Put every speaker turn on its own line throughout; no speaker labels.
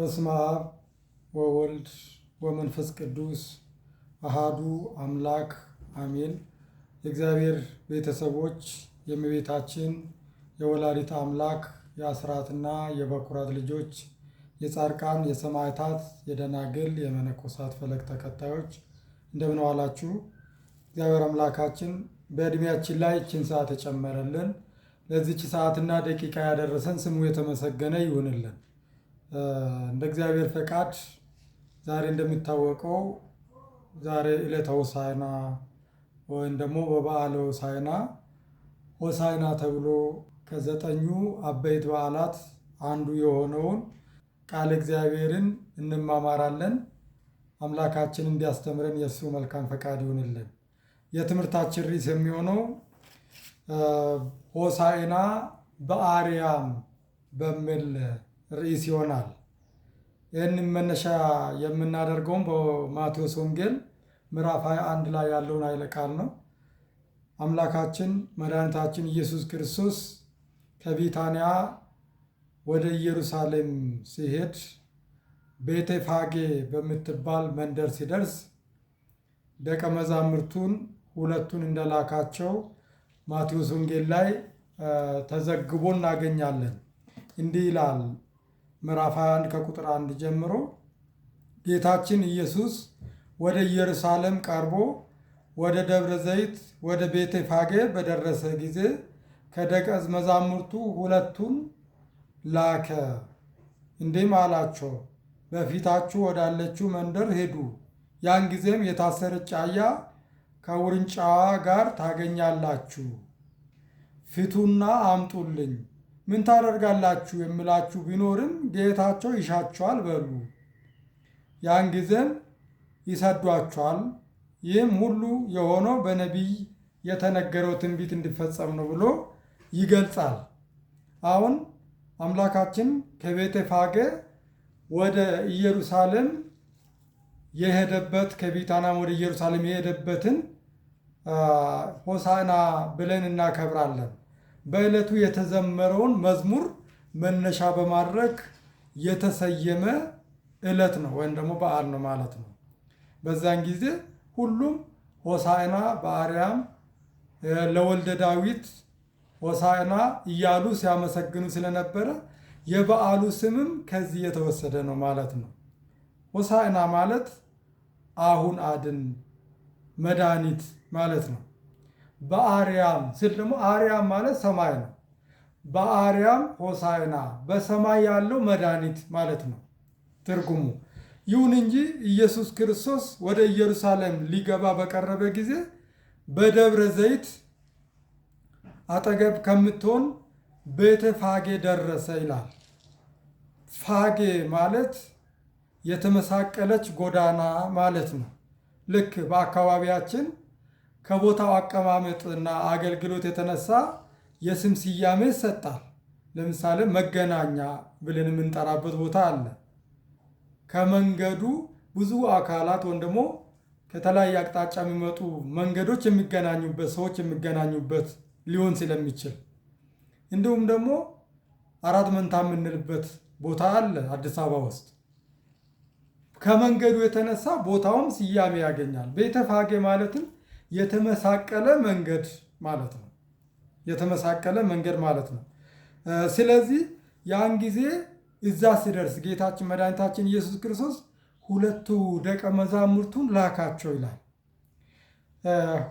በስመ አብ ወወልድ ወመንፈስ ቅዱስ አሃዱ አምላክ አሜን። የእግዚአብሔር ቤተሰቦች የእመቤታችን የወላዲት አምላክ የአስራትና የበኩራት ልጆች የጻድቃን የሰማዕታት የደናግል የመነኮሳት ፈለግ ተከታዮች እንደምን ዋላችሁ። እግዚአብሔር አምላካችን በእድሜያችን ላይ ይህችን ሰዓት የጨመረልን ለዚች ሰዓትና ደቂቃ ያደረሰን ስሙ የተመሰገነ ይሁንልን። እንደ እግዚአብሔር ፈቃድ ዛሬ እንደሚታወቀው ዛሬ ዕለተ ሆሳዕና ወይም ደግሞ በበዓለ ሆሳዕና ሆሳዕና ተብሎ ከዘጠኙ አበይት በዓላት አንዱ የሆነውን ቃለ እግዚአብሔርን እንማማራለን። አምላካችን እንዲያስተምረን የእሱ መልካም ፈቃድ ይሆንልን። የትምህርታችን ርዕስ የሚሆነው ሆሳዕና በአርያም በሚል ርዕስ ይሆናል። ይህን መነሻ የምናደርገውም በማቴዎስ ወንጌል ምዕራፍ 21 ላይ ያለውን ኃይለ ቃል ነው። አምላካችን መድኃኒታችን ኢየሱስ ክርስቶስ ከቢታንያ ወደ ኢየሩሳሌም ሲሄድ ቤተፋጌ በምትባል መንደር ሲደርስ ደቀ መዛሙርቱን ሁለቱን እንደላካቸው ማቴዎስ ወንጌል ላይ ተዘግቦ እናገኛለን። እንዲህ ይላል ምዕራፍ 21 ከቁጥር 1 ጀምሮ ጌታችን ኢየሱስ ወደ ኢየሩሳሌም ቀርቦ ወደ ደብረ ዘይት ወደ ቤተፋጌ ፋጌ በደረሰ ጊዜ ከደቀ መዛሙርቱ ሁለቱን ላከ፣ እንዲህም አላቸው፣ በፊታችሁ ወዳለችው መንደር ሄዱ። ያን ጊዜም የታሰረች አህያ ከውርንጫዋ ጋር ታገኛላችሁ፣ ፍቱና አምጡልኝ ምን ታደርጋላችሁ የምላችሁ ቢኖርም ጌታቸው ይሻችኋል በሉ። ያን ጊዜም ይሰዷችኋል። ይህም ሁሉ የሆነው በነቢይ የተነገረው ትንቢት እንዲፈጸም ነው ብሎ ይገልጻል። አሁን አምላካችን ፋገ ወደ ኢየሩሳሌም የሄደበት ከቢታናም ወደ ኢየሩሳሌም የሄደበትን ሆሳና ብለን እናከብራለን። በዕለቱ የተዘመረውን መዝሙር መነሻ በማድረግ የተሰየመ ዕለት ነው ወይም ደግሞ በዓል ነው ማለት ነው። በዛን ጊዜ ሁሉም ሆሳዕና በአርያም ለወልደ ዳዊት ሆሳዕና እያሉ ሲያመሰግኑ ስለነበረ የበዓሉ ስምም ከዚህ የተወሰደ ነው ማለት ነው። ሆሳዕና ማለት አሁን አድን መድኃኒት ማለት ነው። በአርያም ስል ደግሞ አርያም ማለት ሰማይ ነው። በአርያም ሆሳይና በሰማይ ያለው መድኃኒት ማለት ነው ትርጉሙ። ይሁን እንጂ ኢየሱስ ክርስቶስ ወደ ኢየሩሳሌም ሊገባ በቀረበ ጊዜ በደብረ ዘይት አጠገብ ከምትሆን ቤተ ፋጌ ደረሰ ይላል። ፋጌ ማለት የተመሳቀለች ጎዳና ማለት ነው። ልክ በአካባቢያችን ከቦታው አቀማመጥና አገልግሎት የተነሳ የስም ስያሜ ይሰጣል። ለምሳሌ መገናኛ ብለን የምንጠራበት ቦታ አለ። ከመንገዱ ብዙ አካላት ወይም ደግሞ ከተለያየ አቅጣጫ የሚመጡ መንገዶች የሚገናኙበት ሰዎች የሚገናኙበት ሊሆን ስለሚችል፣ እንዲሁም ደግሞ አራት መንታ የምንልበት ቦታ አለ አዲስ አበባ ውስጥ። ከመንገዱ የተነሳ ቦታውም ስያሜ ያገኛል። ቤተፋጌ ማለትም የተመሳቀለ መንገድ ማለት ነው። የተመሳቀለ መንገድ ማለት ነው። ስለዚህ ያን ጊዜ እዛ ሲደርስ ጌታችን መድኃኒታችን ኢየሱስ ክርስቶስ ሁለቱ ደቀ መዛሙርቱን ላካቸው ይላል።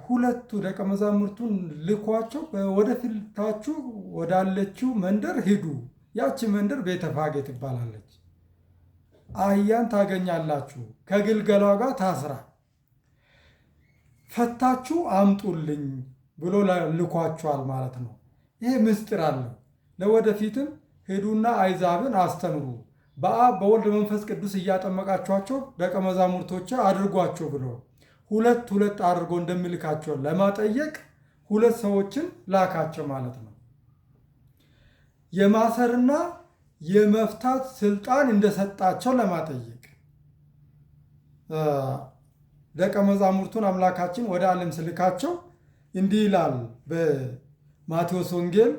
ሁለቱ ደቀ መዛሙርቱን ልኳቸው ወደፊታችሁ ወዳለችው መንደር ሂዱ፣ ያቺ መንደር ቤተፋጌ ትባላለች፣ አህያን ታገኛላችሁ፣ ከግልገሏ ጋር ታስራ ፈታችሁ አምጡልኝ ብሎ ልኳችኋል ማለት ነው። ይሄ ምስጢር አለው። ለወደፊትም ሄዱና አይዛብን አስተምሩ በአብ በወልድ መንፈስ ቅዱስ እያጠመቃችኋቸው ደቀ መዛሙርቶች አድርጓቸው ብሎ ሁለት ሁለት አድርጎ እንደሚልካቸው ለማጠየቅ ሁለት ሰዎችን ላካቸው ማለት ነው። የማሰርና የመፍታት ስልጣን እንደሰጣቸው ለማጠየቅ ደቀ መዛሙርቱን አምላካችን ወደ ዓለም ስልካቸው እንዲህ ይላል በማቴዎስ ወንጌል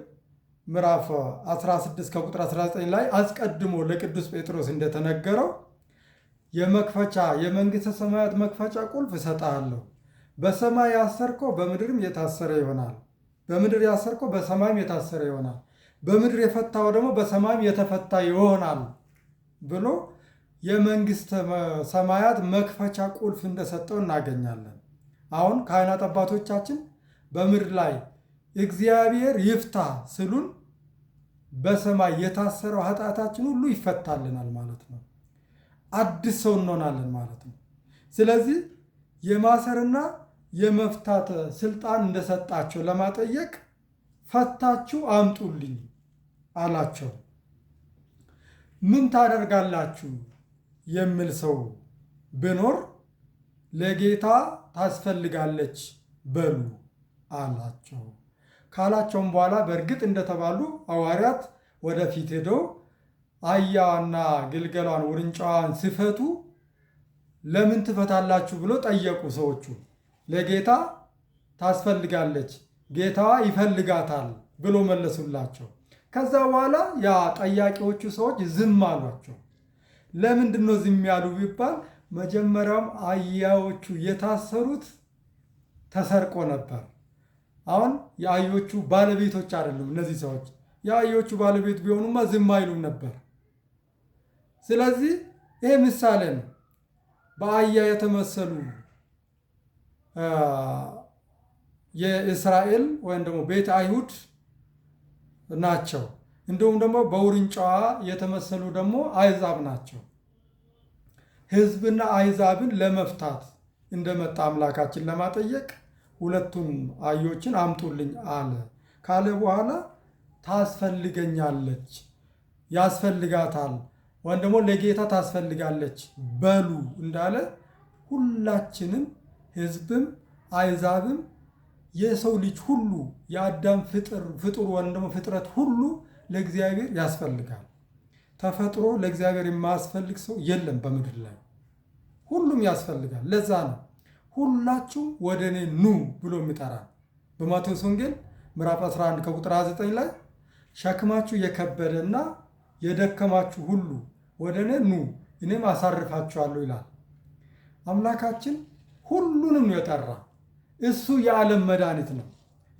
ምዕራፍ 16 ከቁጥር 19 ላይ አስቀድሞ ለቅዱስ ጴጥሮስ እንደተነገረው የመክፈቻ የመንግሥተ ሰማያት መክፈቻ ቁልፍ እሰጥሃለሁ፣ በሰማይ ያሰርከው በምድርም የታሰረ ይሆናል፣ በምድር ያሰርከው በሰማይም የታሰረ ይሆናል፣ በምድር የፈታው ደግሞ በሰማይም የተፈታ ይሆናል ብሎ የመንግስት ሰማያት መክፈቻ ቁልፍ እንደሰጠው እናገኛለን። አሁን ካህናት አባቶቻችን በምድር ላይ እግዚአብሔር ይፍታ ስሉን በሰማይ የታሰረው ኃጢአታችን ሁሉ ይፈታልናል ማለት ነው። አዲስ ሰው እንሆናለን ማለት ነው። ስለዚህ የማሰርና የመፍታት ስልጣን እንደሰጣቸው ለማጠየቅ ፈታችሁ አምጡልኝ አላቸው። ምን ታደርጋላችሁ የሚል ሰው ብኖር ለጌታ ታስፈልጋለች በሉ አላቸው። ካላቸውም በኋላ በእርግጥ እንደተባሉ ሐዋርያት ወደፊት ሄደው አህያዋና ግልገሏን ውርንጫዋን ሲፈቱ ለምን ትፈታላችሁ ብሎ ጠየቁ። ሰዎቹ ለጌታ ታስፈልጋለች፣ ጌታዋ ይፈልጋታል ብሎ መለሱላቸው። ከዛ በኋላ ያ ጠያቂዎቹ ሰዎች ዝም አሏቸው። ለምንድን ነው ዝም ያሉ ቢባል መጀመሪያውም አህያዎቹ የታሰሩት ተሰርቆ ነበር። አሁን የአህዮቹ ባለቤቶች አይደሉም እነዚህ ሰዎች። የአህዮቹ ባለቤት ቢሆኑማ ዝም አይሉም ነበር። ስለዚህ ይሄ ምሳሌ ነው። በአህያ የተመሰሉ የእስራኤል ወይም ደግሞ ቤተ አይሁድ ናቸው። እንዲሁም ደግሞ በውርንጫዋ የተመሰሉ ደግሞ አይዛብ ናቸው። ህዝብና አይዛብን ለመፍታት እንደመጣ አምላካችን ለማጠየቅ ሁለቱን አህዮችን አምጡልኝ አለ። ካለ በኋላ ታስፈልገኛለች፣ ያስፈልጋታል፣ ወይም ደግሞ ለጌታ ታስፈልጋለች በሉ እንዳለ ሁላችንም ህዝብም አይዛብም የሰው ልጅ ሁሉ የአዳም ፍጡር ወይም ደግሞ ፍጥረት ሁሉ ለእግዚአብሔር ያስፈልጋል። ተፈጥሮ ለእግዚአብሔር የማያስፈልግ ሰው የለም በምድር ላይ ሁሉም ያስፈልጋል። ለዛ ነው ሁላችሁ ወደ እኔ ኑ ብሎ የሚጠራ በማቴዎስ ወንጌል ምዕራፍ 11 ከቁጥር 29 ላይ ሸክማችሁ የከበደና የደከማችሁ ሁሉ ወደ እኔ ኑ እኔም አሳርፋችኋለሁ ይላል። አምላካችን ሁሉንም ነው የጠራ። እሱ የዓለም መድኃኒት ነው።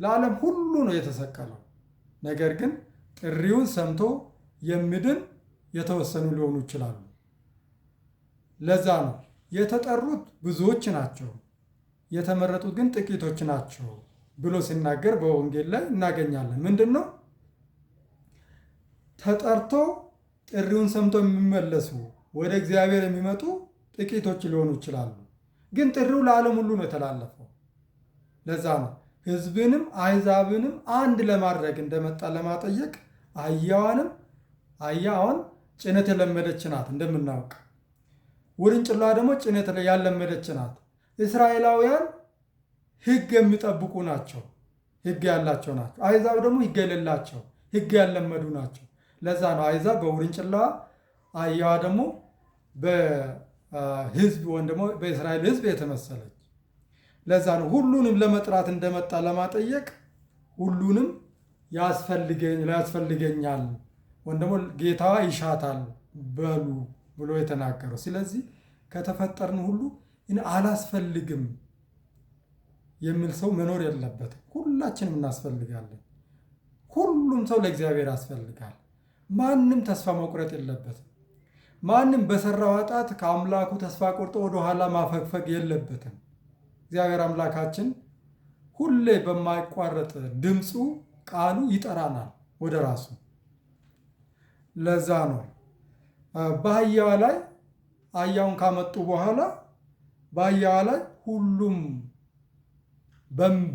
ለዓለም ሁሉ ነው የተሰቀለው። ነገር ግን ጥሪውን ሰምቶ የሚድን የተወሰኑ ሊሆኑ ይችላሉ። ለዛ ነው የተጠሩት ብዙዎች ናቸው፣ የተመረጡት ግን ጥቂቶች ናቸው ብሎ ሲናገር በወንጌል ላይ እናገኛለን። ምንድን ነው ተጠርቶ ጥሪውን ሰምቶ የሚመለሱ ወደ እግዚአብሔር የሚመጡ ጥቂቶች ሊሆኑ ይችላሉ። ግን ጥሪው ለዓለም ሁሉ ነው የተላለፈው። ለዛ ነው ሕዝብንም አሕዛብንም አንድ ለማድረግ እንደመጣ ለማጠየቅ አህያዋንም አህያዋን ጭነት የለመደች ናት እንደምናውቅ፣ ውርንጭላ ደግሞ ጭነት ያለመደች ናት። እስራኤላውያን ሕግ የሚጠብቁ ናቸው፣ ሕግ ያላቸው ናቸው። አሕዛብ ደግሞ ሕግ የሌላቸው ሕግ ያለመዱ ናቸው። ለዛ ነው አሕዛብ በውርንጭላ አህያዋ ደግሞ በሕዝብ ወይም ደግሞ በእስራኤል ሕዝብ የተመሰለች ለዛ ነው ሁሉንም ለመጥራት እንደመጣ ለማጠየቅ ሁሉንም ያስፈልገኛል ወይም ደግሞ ጌታ ይሻታል በሉ ብሎ የተናገረው። ስለዚህ ከተፈጠርን ሁሉ አላስፈልግም የሚል ሰው መኖር የለበትም። ሁላችንም እናስፈልጋለን። ሁሉም ሰው ለእግዚአብሔር ያስፈልጋል። ማንም ተስፋ መቁረጥ የለበትም። ማንም በሰራው ኃጢአት ከአምላኩ ተስፋ ቆርጦ ወደኋላ ማፈግፈግ የለበትም። እግዚአብሔር አምላካችን ሁሌ በማይቋረጥ ድምፁ ቃሉ ይጠራናል ወደ ራሱ። ለዛ ነው በአህያዋ ላይ አህያውን ካመጡ በኋላ በአህያዋ ላይ ሁሉም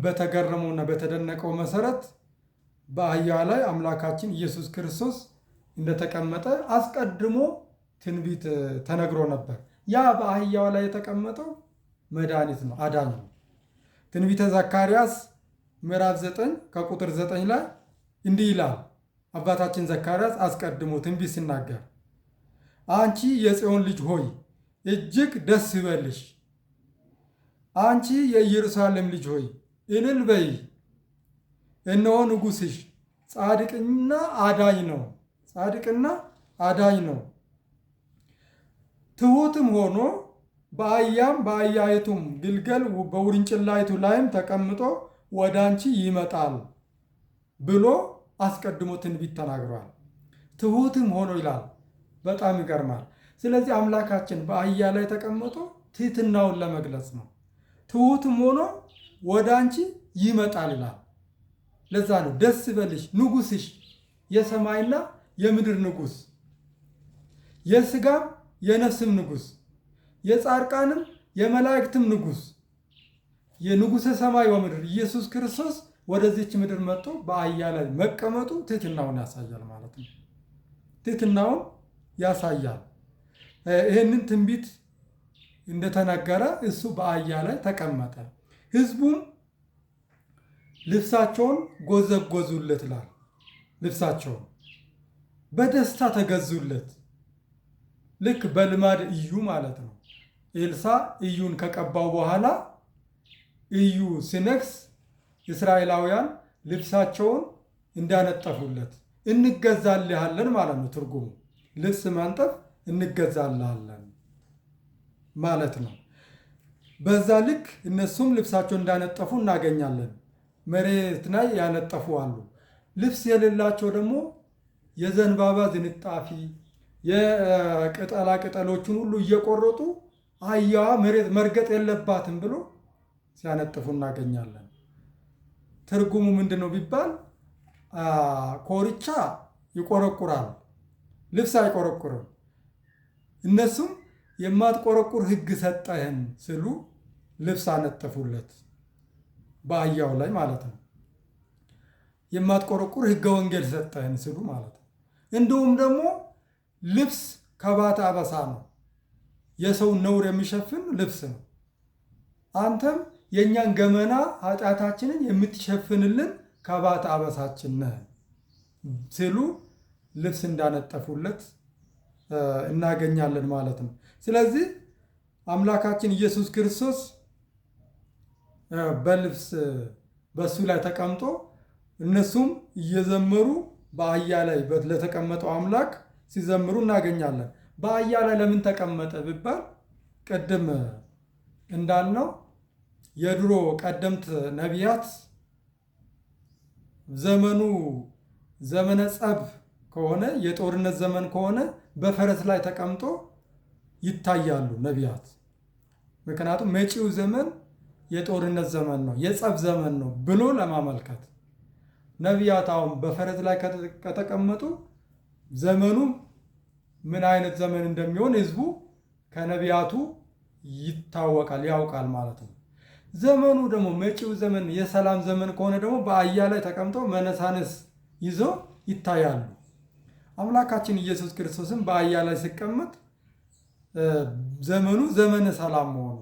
በተገረመው እና በተደነቀው መሰረት በአህያዋ ላይ አምላካችን ኢየሱስ ክርስቶስ እንደተቀመጠ አስቀድሞ ትንቢት ተነግሮ ነበር። ያ በአህያዋ ላይ የተቀመጠው መድኃኒት ነው፣ አዳኝ ነው። ትንቢተ ዘካርያስ ምዕራፍ 9 ከቁጥር 9 ላይ እንዲህ ይላል። አባታችን ዘካርያስ አስቀድሞ ትንቢት ሲናገር አንቺ የጽዮን ልጅ ሆይ እጅግ ደስ ይበልሽ፣ አንቺ የኢየሩሳሌም ልጅ ሆይ እልል በይ፣ እነሆ ንጉሥሽ ጻድቅና አዳኝ ነው፣ ጻድቅና አዳኝ ነው፣ ትሑትም ሆኖ በአህያም በአህያይቱም ግልገል በውርንጭላይቱ ላይም ተቀምጦ ወደ አንቺ ይመጣል ብሎ አስቀድሞ ትንቢት ተናግሯል። ትሑትም ሆኖ ይላል። በጣም ይገርማል። ስለዚህ አምላካችን በአህያ ላይ ተቀምጦ ትህትናውን ለመግለጽ ነው። ትሑትም ሆኖ ወደ አንቺ ይመጣል ይላል። ለዛ ነው ደስ በልሽ ንጉስሽ፣ የሰማይና የምድር ንጉስ የስጋም የነፍስም ንጉስ የጻድቃንም የመላእክትም ንጉስ የንጉሰ ሰማይ ወምድር ኢየሱስ ክርስቶስ ወደዚች ምድር መጥቶ በአህያ ላይ መቀመጡ ትህትናውን ያሳያል ማለት ነው። ትህትናውን ያሳያል። ይህንን ትንቢት እንደተነገረ እሱ በአህያ ላይ ተቀመጠ። ህዝቡም ልብሳቸውን ጎዘጎዙለት ይላል። ልብሳቸውን በደስታ ተገዙለት። ልክ በልማድ እዩ ማለት ነው። ኤልሳ እዩን ከቀባው በኋላ እዩ ሲነግስ እስራኤላውያን ልብሳቸውን እንዳነጠፉለት እንገዛልሃለን ማለት ነው። ትርጉሙ ልብስ ማንጠፍ እንገዛልሃለን ማለት ነው። በዛ ልክ እነሱም ልብሳቸውን እንዳነጠፉ እናገኛለን። መሬት ላይ ያነጠፉ አሉ። ልብስ የሌላቸው ደግሞ የዘንባባ ዝንጣፊ የቅጠላ ቅጠሎችን ሁሉ እየቆረጡ አህያዋ መሬት መርገጥ የለባትም ብሎ ሲያነጥፉ እናገኛለን። ትርጉሙ ምንድን ነው ቢባል ኮርቻ ይቆረቁራል፣ ልብስ አይቆረቁርም። እነሱም የማትቆረቁር ሕግ ሰጠህን ስሉ ልብስ አነጠፉለት፣ በአህያው ላይ ማለት ነው። የማትቆረቁር ሕገ ወንጌል ሰጠህን ስሉ ማለት ነው። እንዲሁም ደግሞ ልብስ ከባት አበሳ ነው የሰውን ነውር የሚሸፍን ልብስ ነው። አንተም የእኛን ገመና ኃጢአታችንን የምትሸፍንልን ከባት አበሳችን ነህ ሲሉ ልብስ እንዳነጠፉለት እናገኛለን ማለት ነው። ስለዚህ አምላካችን ኢየሱስ ክርስቶስ በልብስ በእሱ ላይ ተቀምጦ እነሱም እየዘመሩ በአህያ ላይ ለተቀመጠው አምላክ ሲዘምሩ እናገኛለን። በአህያ ላይ ለምን ተቀመጠ ቢባል ቅድም እንዳልነው የድሮ ቀደምት ነቢያት ዘመኑ ዘመነ ጸብ ከሆነ የጦርነት ዘመን ከሆነ በፈረስ ላይ ተቀምጦ ይታያሉ ነቢያት። ምክንያቱም መጪው ዘመን የጦርነት ዘመን ነው፣ የጸብ ዘመን ነው ብሎ ለማመልከት ነቢያት አሁን በፈረስ ላይ ከተቀመጡ ዘመኑ ምን አይነት ዘመን እንደሚሆን ህዝቡ ከነቢያቱ ይታወቃል፣ ያውቃል ማለት ነው። ዘመኑ ደግሞ መጪው ዘመን የሰላም ዘመን ከሆነ ደግሞ በአህያ ላይ ተቀምጠው መነሳነስ ይዘው ይታያሉ። አምላካችን ኢየሱስ ክርስቶስም በአህያ ላይ ሲቀመጥ ዘመኑ ዘመነ ሰላም መሆኑ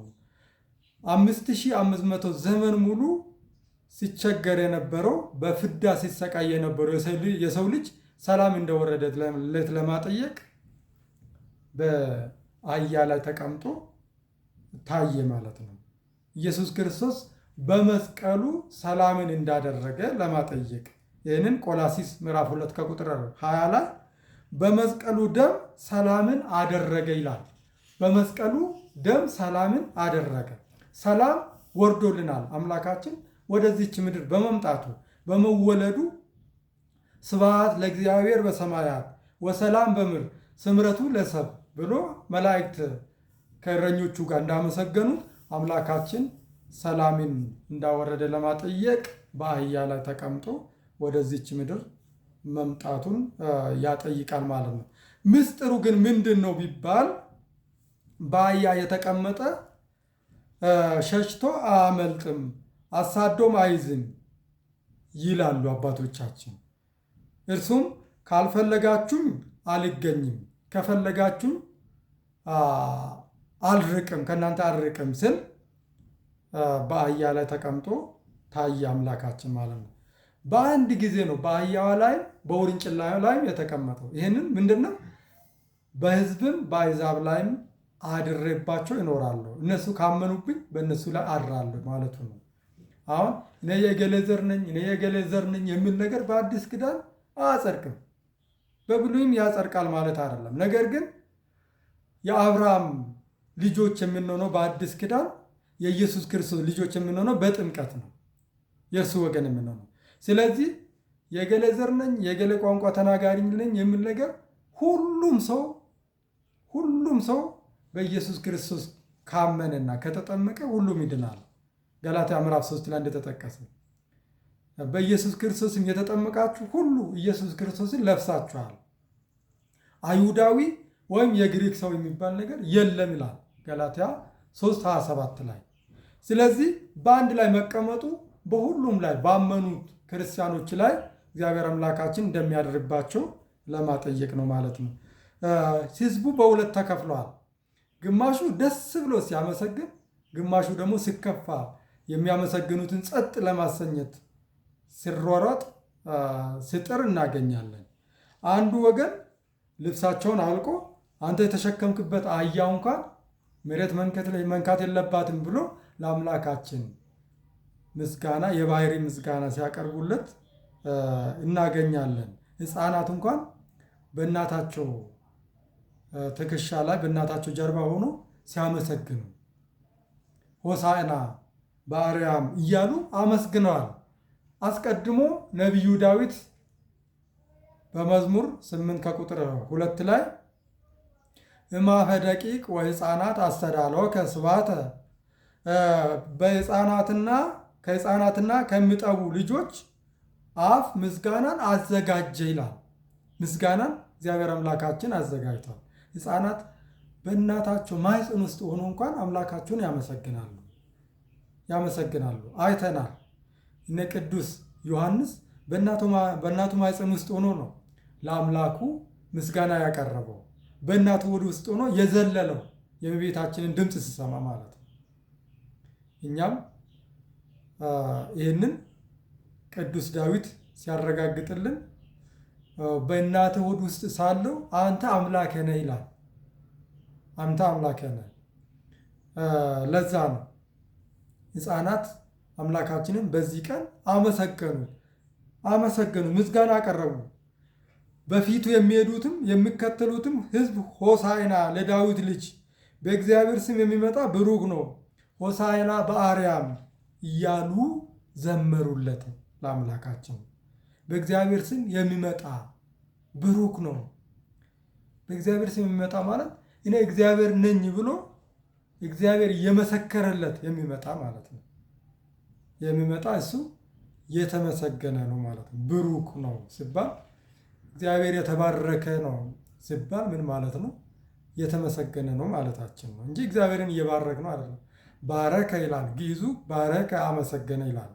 አምስት አምስት መቶ ዘመን ሙሉ ሲቸገር የነበረው በፍዳ ሲሰቃይ የነበረው የሰው ልጅ ሰላም እንደወረደለት ለማጠየቅ በአህያ ላይ ተቀምጦ ታየ ማለት ነው። ኢየሱስ ክርስቶስ በመስቀሉ ሰላምን እንዳደረገ ለማጠየቅ ይህንን ቆላሲስ ምዕራፍ ሁለት ከቁጥር ሀያ ላይ በመስቀሉ ደም ሰላምን አደረገ ይላል። በመስቀሉ ደም ሰላምን አደረገ። ሰላም ወርዶልናል። አምላካችን ወደዚች ምድር በመምጣቱ በመወለዱ ስብሐት ለእግዚአብሔር በሰማያት ወሰላም በምድር ስምረቱ ለሰብእ ብሎ መላእክት ከእረኞቹ ጋር እንዳመሰገኑ አምላካችን ሰላምን እንዳወረደ ለማጠየቅ በአህያ ላይ ተቀምጦ ወደዚች ምድር መምጣቱን ያጠይቃል ማለት ነው። ምስጢሩ ግን ምንድን ነው ቢባል በአህያ የተቀመጠ ሸሽቶ አያመልጥም፣ አሳዶም አይዝም ይላሉ አባቶቻችን። እርሱም ካልፈለጋችሁም አልገኝም ከፈለጋችሁ አልርቅም ከእናንተ አልርቅም ስል በአህያ ላይ ተቀምጦ ታየ አምላካችን ማለት ነው። በአንድ ጊዜ ነው በአህያዋ ላይ በውርንጭላዋ ላይ የተቀመጠው። ይህንን ምንድን ነው በህዝብም በአይዛብ ላይም አድሬባቸው ይኖራሉ። እነሱ ካመኑብኝ በእነሱ ላይ አድራለሁ ማለቱ ነው። አሁን እኔ የገሌ ዘር ነኝ እኔ የገሌ ዘር ነኝ የሚል ነገር በአዲስ ኪዳን አያጸድቅም። በብሉይም ያጸድቃል ማለት አይደለም። ነገር ግን የአብርሃም ልጆች የምንሆነው በአዲስ ኪዳን የኢየሱስ ክርስቶስ ልጆች የምንሆነው በጥምቀት ነው፣ የእርሱ ወገን የምንሆነው። ስለዚህ የገሌ ዘር ነኝ፣ የገለ ቋንቋ ተናጋሪ ነኝ የሚል ነገር ሁሉም ሰው ሁሉም ሰው በኢየሱስ ክርስቶስ ካመነና ከተጠመቀ ሁሉም ይድናል። ገላትያ ምዕራፍ 3 ላይ እንደተጠቀሰ በኢየሱስ ክርስቶስም የተጠመቃችሁ ሁሉ ኢየሱስ ክርስቶስን ለብሳችኋል። አይሁዳዊ ወይም የግሪክ ሰው የሚባል ነገር የለም ይላል ገላትያ 3:27 ላይ። ስለዚህ በአንድ ላይ መቀመጡ በሁሉም ላይ ባመኑት ክርስቲያኖች ላይ እግዚአብሔር አምላካችን እንደሚያደርግባቸው ለማጠየቅ ነው ማለት ነው። ህዝቡ በሁለት ተከፍሏል። ግማሹ ደስ ብሎ ሲያመሰግን፣ ግማሹ ደግሞ ሲከፋ የሚያመሰግኑትን ጸጥ ለማሰኘት ሲሯሯጥ ሲጥር እናገኛለን። አንዱ ወገን ልብሳቸውን አውልቆ አንተ የተሸከምክበት አህያ እንኳን መሬት መንካት የለባትም ብሎ ለአምላካችን ምስጋና የባሕሪ ምስጋና ሲያቀርቡለት እናገኛለን። ሕፃናት እንኳን በእናታቸው ትከሻ ላይ በእናታቸው ጀርባ ሆኖ ሲያመሰግኑ ሆሳዕና በአርያም እያሉ አመስግነዋል። አስቀድሞ ነቢዩ ዳዊት በመዝሙር ስምንት ከቁጥር ሁለት ላይ እማፈ ደቂቅ ወህፃናት አስተዳለው ከስባተ በህፃናትና ከህፃናትና ከሚጠቡ ልጆች አፍ ምስጋናን አዘጋጀ ይላል። ምስጋናን እግዚአብሔር አምላካችን አዘጋጅቷል። ህፃናት በእናታቸው ማኅፀን ውስጥ ሆኖ እንኳን አምላካቸውን ያመሰግናሉ ያመሰግናሉ አይተናል። እነ ቅዱስ ዮሐንስ በእናቱ ማኅፀን ውስጥ ሆኖ ነው ለአምላኩ ምስጋና ያቀረበው። በእናቱ ሆድ ውስጥ ሆኖ የዘለለው የእመቤታችንን ድምፅ ስሰማ ማለት ነው። እኛም ይህንን ቅዱስ ዳዊት ሲያረጋግጥልን በእናተ ሆድ ውስጥ ሳለው አንተ አምላኬ ነህ ይላል። አንተ አምላኬ ነህ። ለዛ ነው ሕፃናት አምላካችንን በዚህ ቀን አመሰገኑ አመሰገኑ፣ ምስጋና አቀረቡ። በፊቱ የሚሄዱትም የሚከተሉትም ሕዝብ ሆሳይና ለዳዊት ልጅ በእግዚአብሔር ስም የሚመጣ ብሩክ ነው፣ ሆሳይና በአርያም እያሉ ዘመሩለት። ለአምላካችን በእግዚአብሔር ስም የሚመጣ ብሩክ ነው። በእግዚአብሔር ስም የሚመጣ ማለት እኔ እግዚአብሔር ነኝ ብሎ እግዚአብሔር እየመሰከረለት የሚመጣ ማለት ነው። የሚመጣ እሱ የተመሰገነ ነው ማለት ነው። ብሩክ ነው ሲባል እግዚአብሔር የተባረከ ነው ሲባል ምን ማለት ነው? የተመሰገነ ነው ማለታችን ነው እንጂ እግዚአብሔርን እየባረክ ነው አይደለም። ባረከ ይላል ግዕዙ፣ ባረከ አመሰገነ ይላል።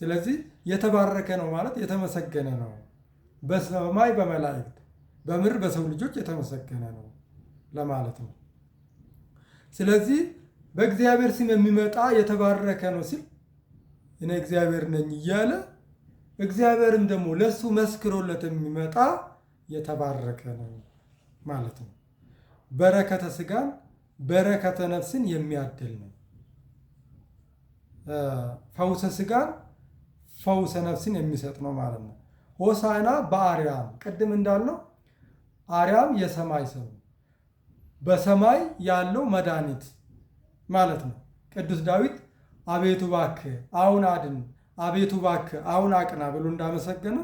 ስለዚህ የተባረከ ነው ማለት የተመሰገነ ነው። በሰማይ በመላእክት በምድር በሰው ልጆች የተመሰገነ ነው ለማለት ነው። ስለዚህ በእግዚአብሔር ስም የሚመጣ የተባረከ ነው ሲል እኔ እግዚአብሔር ነኝ እያለ እግዚአብሔርን ደግሞ ለእሱ መስክሮለት የሚመጣ የተባረከ ነው ማለት ነው። በረከተ ስጋን በረከተ ነፍስን የሚያድል ነው። ፈውሰ ስጋን ፈውሰ ነፍስን የሚሰጥ ነው ማለት ነው። ሆሳዕና በአርያም ቅድም እንዳለው አርያም የሰማይ ሰው በሰማይ ያለው መድኃኒት ማለት ነው። ቅዱስ ዳዊት አቤቱ እባክህ አሁን አድን፣ አቤቱ እባክህ አሁን አቅና ብሎ እንዳመሰገነ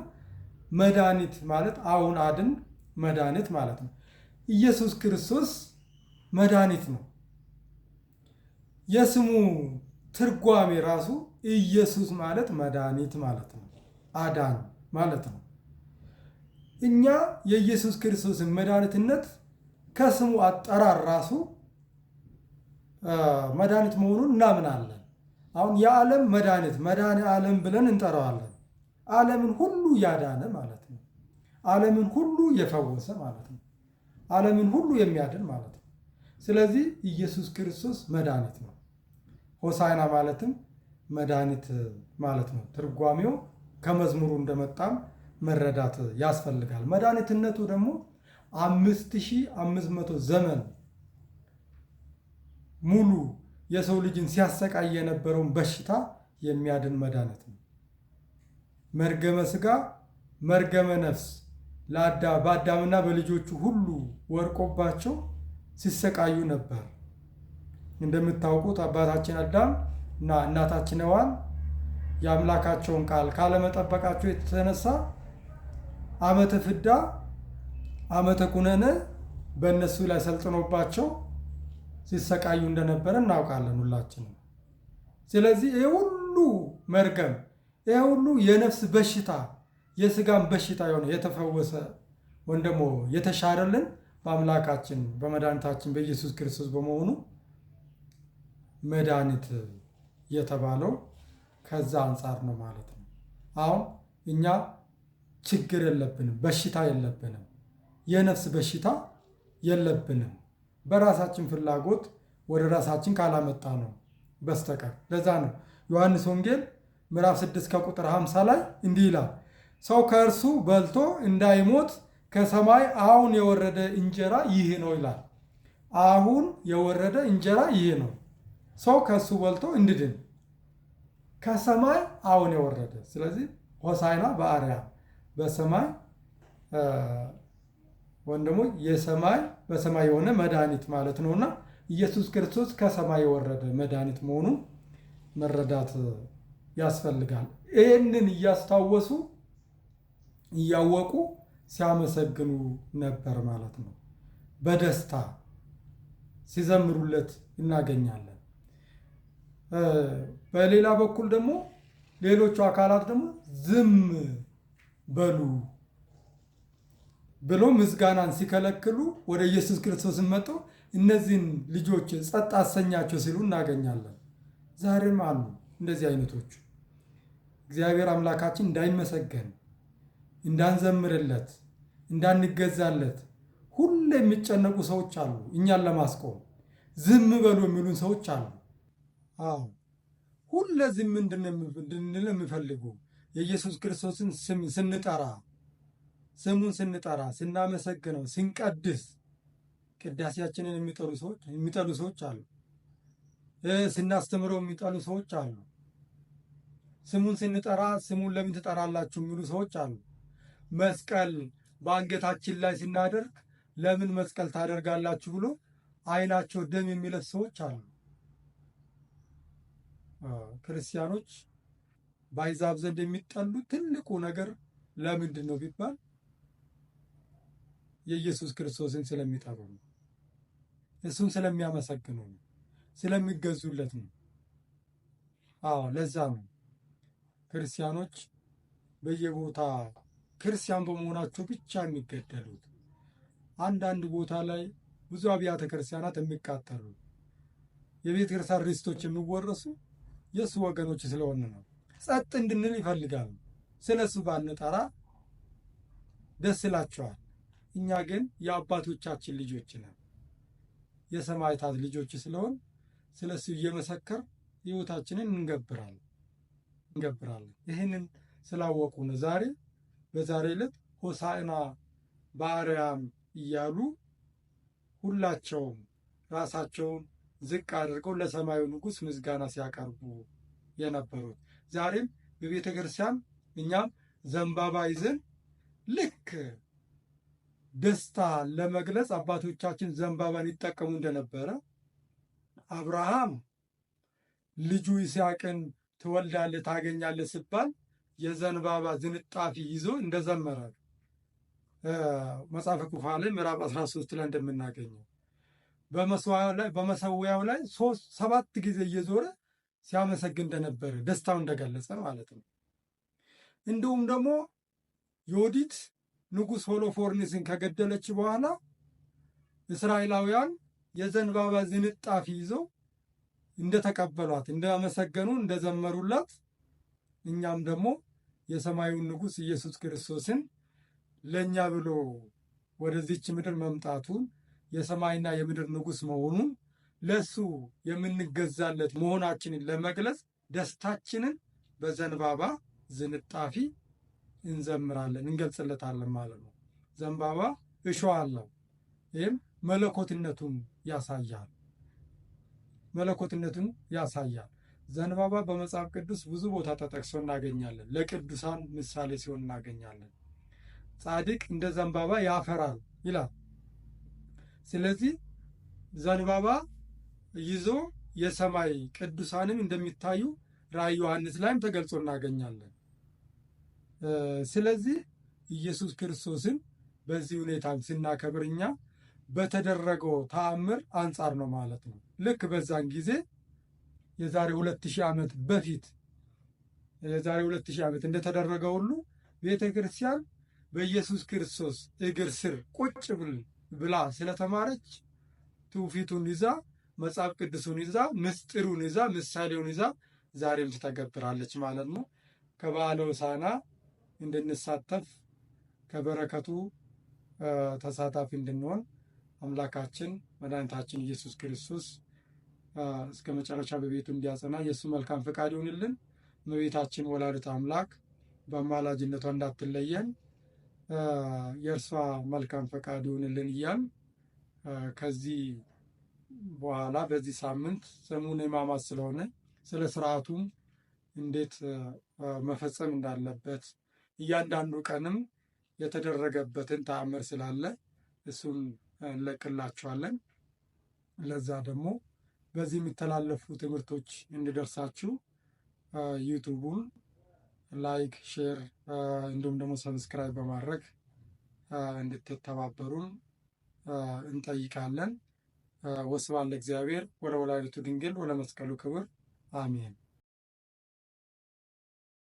መድኃኒት ማለት አሁን አድን መድኃኒት ማለት ነው። ኢየሱስ ክርስቶስ መድኃኒት ነው። የስሙ ትርጓሜ ራሱ ኢየሱስ ማለት መድኃኒት ማለት ነው፣ አዳን ማለት ነው። እኛ የኢየሱስ ክርስቶስን መድኃኒትነት ከስሙ አጠራር ራሱ መድኃኒት መሆኑን እናምናለን። አሁን የዓለም መድኃኒት መድኒ ዓለም ብለን እንጠራዋለን። ዓለምን ሁሉ ያዳነ ማለት ነው። ዓለምን ሁሉ የፈወሰ ማለት ነው። ዓለምን ሁሉ የሚያድን ማለት ነው። ስለዚህ ኢየሱስ ክርስቶስ መድኃኒት ነው። ሆሳይና ማለትም መድኃኒት ማለት ነው። ትርጓሜው ከመዝሙሩ እንደመጣም መረዳት ያስፈልጋል። መድኃኒትነቱ ደግሞ አምስት ሺህ አምስት መቶ ዘመን ሙሉ የሰው ልጅን ሲያሰቃይ የነበረውን በሽታ የሚያድን መድኃኒት ነው። መርገመ ስጋ መርገመ ነፍስ በአዳምና በልጆቹ ሁሉ ወርቆባቸው ሲሰቃዩ ነበር። እንደምታውቁት አባታችን አዳም እና እናታችን ሔዋን የአምላካቸውን ቃል ካለመጠበቃቸው የተነሳ ዓመተ ፍዳ ዓመተ ኩነነ በእነሱ ላይ ሰልጥኖባቸው ሲሰቃዩ እንደነበረ እናውቃለን ሁላችንም። ስለዚህ ይህ ሁሉ መርገም፣ ይህ ሁሉ የነፍስ በሽታ የስጋም በሽታ የሆነ የተፈወሰ ወይም ደግሞ የተሻረልን በአምላካችን በመድኃኒታችን በኢየሱስ ክርስቶስ በመሆኑ መድኃኒት የተባለው ከዛ አንጻር ነው ማለት ነው። አሁን እኛ ችግር የለብንም፣ በሽታ የለብንም፣ የነፍስ በሽታ የለብንም። በራሳችን ፍላጎት ወደ ራሳችን ካላመጣ ነው በስተቀር። ለዛ ነው ዮሐንስ ወንጌል ምዕራፍ 6 ከቁጥር 50 ላይ እንዲህ ይላል፣ ሰው ከእርሱ በልቶ እንዳይሞት ከሰማይ አሁን የወረደ እንጀራ ይህ ነው ይላል። አሁን የወረደ እንጀራ ይህ ነው፣ ሰው ከእሱ በልቶ እንድድን ከሰማይ አሁን የወረደ ስለዚህ ሆሳይና በአርያም በሰማይ ወይም ደግሞ የሰማይ በሰማይ የሆነ መድኃኒት ማለት ነውና ኢየሱስ ክርስቶስ ከሰማይ የወረደ መድኃኒት መሆኑን መረዳት ያስፈልጋል። ይህንን እያስታወሱ እያወቁ ሲያመሰግኑ ነበር ማለት ነው። በደስታ ሲዘምሩለት እናገኛለን። በሌላ በኩል ደግሞ ሌሎቹ አካላት ደግሞ ዝም በሉ ብሎ ምስጋናን ሲከለክሉ ወደ ኢየሱስ ክርስቶስ መጡ። እነዚህን ልጆች ጸጥ አሰኛቸው ሲሉ እናገኛለን። ዛሬም አሉ እንደዚህ አይነቶቹ። እግዚአብሔር አምላካችን እንዳይመሰገን፣ እንዳንዘምርለት፣ እንዳንገዛለት ሁሌ የሚጨነቁ ሰዎች አሉ። እኛን ለማስቆም ዝም በሉ የሚሉን ሰዎች አሉ። አዎ ሁሌ ዝም እንድንል የሚፈልጉ የኢየሱስ ክርስቶስን ስም ስንጠራ ስሙን ስንጠራ ስናመሰግነው ስንቀድስ ቅዳሴያችንን የሚጠሉ ሰዎች የሚጠሉ ሰዎች አሉ። ስናስተምረው የሚጠሉ ሰዎች አሉ። ስሙን ስንጠራ ስሙን ለምን ትጠራላችሁ የሚሉ ሰዎች አሉ። መስቀል በአንገታችን ላይ ስናደርግ ለምን መስቀል ታደርጋላችሁ ብሎ አይናቸው ደም የሚለት ሰዎች አሉ። ክርስቲያኖች በአሕዛብ ዘንድ የሚጠሉ ትልቁ ነገር ለምንድን ነው ቢባል የኢየሱስ ክርስቶስን ስለሚጠሩ ነው። እሱን ስለሚያመሰግኑ ነው፣ ስለሚገዙለት ነው። አዎ ለዛ ነው ክርስቲያኖች በየቦታ ክርስቲያን በመሆናቸው ብቻ የሚገደሉት። አንዳንድ ቦታ ላይ ብዙ አብያተ ክርስቲያናት የሚቃጠሉ የቤተ ክርስቲያን ሪስቶች የሚወረሱ የእሱ ወገኖች ስለሆነ ነው። ጸጥ እንድንል ይፈልጋሉ። ስለ እሱ ባንጠራ ደስ ይላቸዋል። እኛ ግን የአባቶቻችን ልጆች ነን፣ የሰማዕታት ልጆች ስለሆን ስለ እሱ እየመሰከር ህይወታችንን እንገብራለን እንገብራለን። ይህንን ስላወቁ ነው ዛሬ በዛሬ ዕለት ሆሳዕና በአርያም እያሉ ሁላቸውም ራሳቸውን ዝቅ አድርገው ለሰማዩ ንጉሥ ምስጋና ሲያቀርቡ የነበሩት። ዛሬም በቤተ ክርስቲያን እኛም ዘንባባ ይዘን ልክ ደስታ ለመግለጽ አባቶቻችን ዘንባባን ይጠቀሙ እንደነበረ አብርሃም ልጁ ይስሐቅን ትወልዳለህ ታገኛለህ ሲባል የዘንባባ ዝንጣፊ ይዞ እንደዘመረ መጽሐፈ ላይ ምዕራፍ 13 ላይ እንደምናገኘው በመሰዊያው ላይ ሰባት ጊዜ እየዞረ ሲያመሰግን እንደነበረ ደስታው እንደገለጸ ማለት ነው። እንዲሁም ደግሞ ዮዲት ንጉሥ ፎርኒስን ከገደለች በኋላ እስራኤላውያን የዘንባባ ዝንጣፊ ይዘው እንደተቀበሏት፣ እንደመሰገኑ፣ እንደዘመሩላት እኛም ደግሞ የሰማዩን ንጉሥ ኢየሱስ ክርስቶስን ለእኛ ብሎ ወደዚች ምድር መምጣቱን የሰማይና የምድር ንጉሥ መሆኑን ለሱ የምንገዛለት መሆናችንን ለመግለጽ ደስታችንን በዘንባባ ዝንጣፊ እንዘምራለን፣ እንገልጽለታለን ማለት ነው። ዘንባባ እሾህ አለው። ይህም መለኮትነቱን ያሳያል። መለኮትነቱን ያሳያል። ዘንባባ በመጽሐፍ ቅዱስ ብዙ ቦታ ተጠቅሶ እናገኛለን። ለቅዱሳን ምሳሌ ሲሆን እናገኛለን። ጻድቅ እንደ ዘንባባ ያፈራል ይላል። ስለዚህ ዘንባባ ይዞ የሰማይ ቅዱሳንም እንደሚታዩ ራእይ ዮሐንስ ላይም ተገልጾ እናገኛለን። ስለዚህ ኢየሱስ ክርስቶስን በዚህ ሁኔታ ስናከብር እኛ በተደረገው ተአምር አንጻር ነው ማለት ነው። ልክ በዛን ጊዜ የዛሬ ሁለት ሺህ ዓመት በፊት የዛሬ ሁለት ሺህ ዓመት እንደተደረገ ሁሉ ቤተ ክርስቲያን በኢየሱስ ክርስቶስ እግር ስር ቁጭ ብላ ስለተማረች ትውፊቱን ይዛ መጽሐፍ ቅዱሱን ይዛ ምስጢሩን ይዛ ምሳሌውን ይዛ ዛሬም ትተገብራለች ማለት ነው። ከበዓለ ሆሳዕና እንድንሳተፍ ከበረከቱ ተሳታፊ እንድንሆን አምላካችን መድኃኒታችን ኢየሱስ ክርስቶስ እስከ መጨረሻ በቤቱ እንዲያጸና የእሱ መልካም ፈቃድ ይሆንልን። እመቤታችን ወላዲተ አምላክ በአማላጅነቷ እንዳትለየን የእርሷ መልካም ፈቃድ ይሆንልን እያል ከዚህ በኋላ በዚህ ሳምንት ሰሙነ ሕማማት ስለሆነ ስለ ስርዓቱም እንዴት መፈጸም እንዳለበት እያንዳንዱ ቀንም የተደረገበትን ተአምር ስላለ እሱን እንለቅላችኋለን። ለዛ ደግሞ በዚህ የሚተላለፉ ትምህርቶች እንዲደርሳችሁ ዩቱቡን ላይክ፣ ሼር እንዲሁም ደግሞ ሰብስክራይብ በማድረግ እንድትተባበሩን እንጠይቃለን። ወስብሐት ለእግዚአብሔር ወለወላዲቱ ድንግል ወለመስቀሉ ክብር አሜን።